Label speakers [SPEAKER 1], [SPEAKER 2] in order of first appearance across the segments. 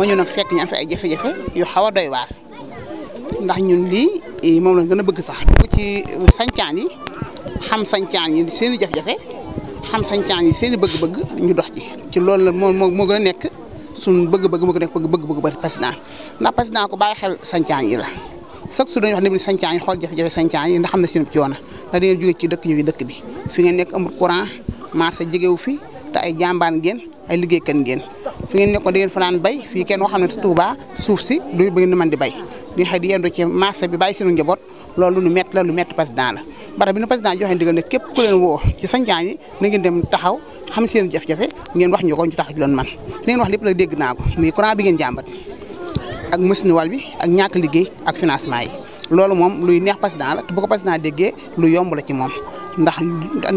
[SPEAKER 1] ma ñëw nag fekk ñu fi ay jafe-jafe yu xaw a doy waar ndax ñun lii eh, moom lañ gën bëgg sax dugg ci sañcaan yi xam sañcaan yi seen i jafe-jafe xam sañcaan yi seen i bëgg-bëgg dox ci ci loolu la moo moo gën nekk suñ bëgg-bëgg moo gën a nekk bëgg-bëgg bari président ndax président ku bàyyi xel sañcaan la sax su dañuy wax ne sañcaan yi xool jafe-jafe sañcaan yi ndax xam na seen coono ndax dañoo jóge ci dëkk ñu dëkk bi fi ngeen nekk amul courant marché jegewu fi te ay jàmbaan ngeen ay liggéeykat ngeen fi ngeen nekkoon da ngeen fanaan bay fii kenn waxam ne Touba suuf si du ba ngeen mën di bay di xëy di yendu ci marché bi bàyyi seenu njaboot loolu lu métti la lu métti président la bara bi nu président joxe ngeen dem taxaw xam seen jafe ngeen wax ñu ko ñu taxaw ci man li wax lépp la dégg naa ko muy courant bi ngeen jàmbat ak machine ak ñàkk liggéey ak financement yi loolu moom luy neex président la te bu ko président déggee lu yomb la ci moom ndax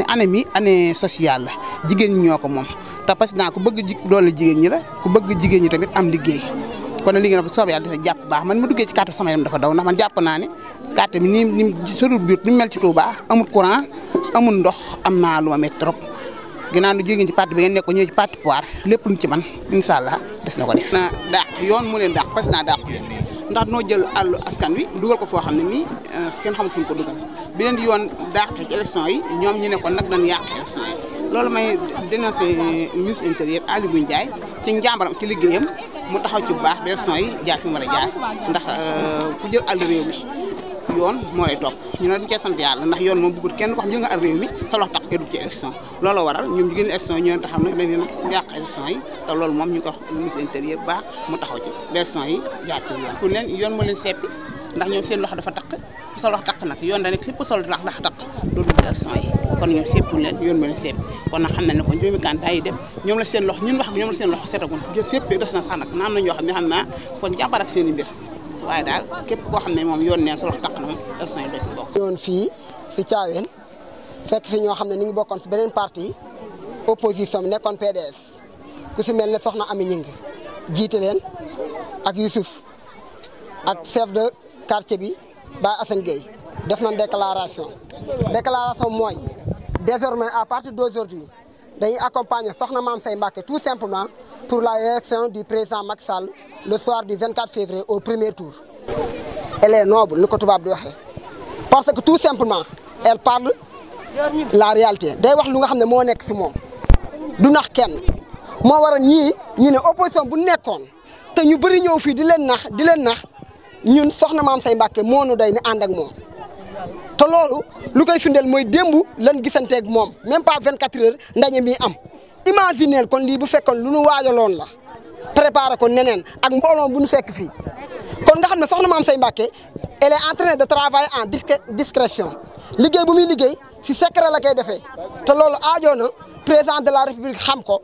[SPEAKER 1] année mi année sociale la jigéen ñi ñoo ko moom te président ku bëgg ji doole jigéen ñi la ku bëgg jigéen ñi tamit am liggéey kon liggéey nag bu soobee yàlla jàpp baax man mu duggee ci carte sama yaram dafa daw ndax man jàpp naa ne carte bi ni ni sorul biir ni mel ci Touba amul courant amul ndox am naa lu ma métti trop ginnaaw ñu jógee ci parti bi ngeen nekk ñëw ci parti pouvoir lépp lu ci man incha allah des na ko de na dàq yoon mu leen dàq président dàq leen ndax noo jël àllu askan wi dugal ko foo xam ne nii eh, kenn xamul fu ñu ko dugal bi leen di yoon dàq ci élection yi ñoom ñu ne nag dañu yàq loolu may dénoncé ministre intérieur Aly Ngouille Ndiaye ci njàmbaram ci liggéeyam mu taxaw ci bu baax direction yi jaar fi mu war a ndax euh, ku jël àll réew mi yoon moo ñu ne dañu cee sant yàlla kenn ko xam jël nga àll réew waral ñoom jigéen élection yi ñu leen xam ne dañu leen yàq élection yi te loolu moom ñu ko wax ministre intérieur bu baax mu taxaw ci élection yi jaar ci yoon. ku leen yoon moo leen seppi. ndax ñoom seen loxo dafa takk ku sa loxo takk nag yoon dañu képp ku sa takk doo dugg élection yi kon ñoom seppuñ leen yoon ma leen kon nag xam ne kon juróomi yi dem ñoom la ñoom la seen loxo seetagul jël na sax nag na ñoo xam ne xam naa kon jàppar ak seen i mbir waaye daal koo xam ne moom yoon neen sa loxo takk na moom élection yi doo ci bokk.
[SPEAKER 2] ñëwoon fii fi Thiawéne fekk fi ñoo xam ne ni ngi bokkoon si beneen parti opposition bi nekkoon PDS ku si mel ne soxna Ami Ñing jiite leen ak Youssouf ak chef de quartier bi Baye Assane Gueye def nañ déclaration déclaration moy désormais à partir d'aujourd'hui dañuy accompagner Soxna mam Say tout simplement pour la élection du président Macky le soir du 24 février au premier tour elle est noble ni ko tubaab di waxe parce que tout simplement elle parle la réalité day wax lu nga xamné mo nek ci mom du nax kenn mo waral ñi ne opposition bu nous té ñu bari ñëw fi di len nax di len nax ñun soxna maam say Mbàkke moo nu day ni ànd ak moom te loolu lu koy firndeel mooy démb lan gisanteek moom même pas 24 heures ndaje mi am imagineel kon lii bu fekkoon lu nu waajaloon la préparé ko neneen ak mbooloo bu nu fekk fii kon nga xam ne soxna maam say Mbàkke elle est en train de travailler en discrétion liggéey bu muy liggéey si secret la koy defee te loolu aajoo na président de la république xam ko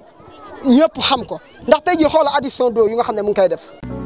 [SPEAKER 2] ñëpp xam ko ndax tey jii xoolal addition d'eau yu xam ne mu ngi koy def.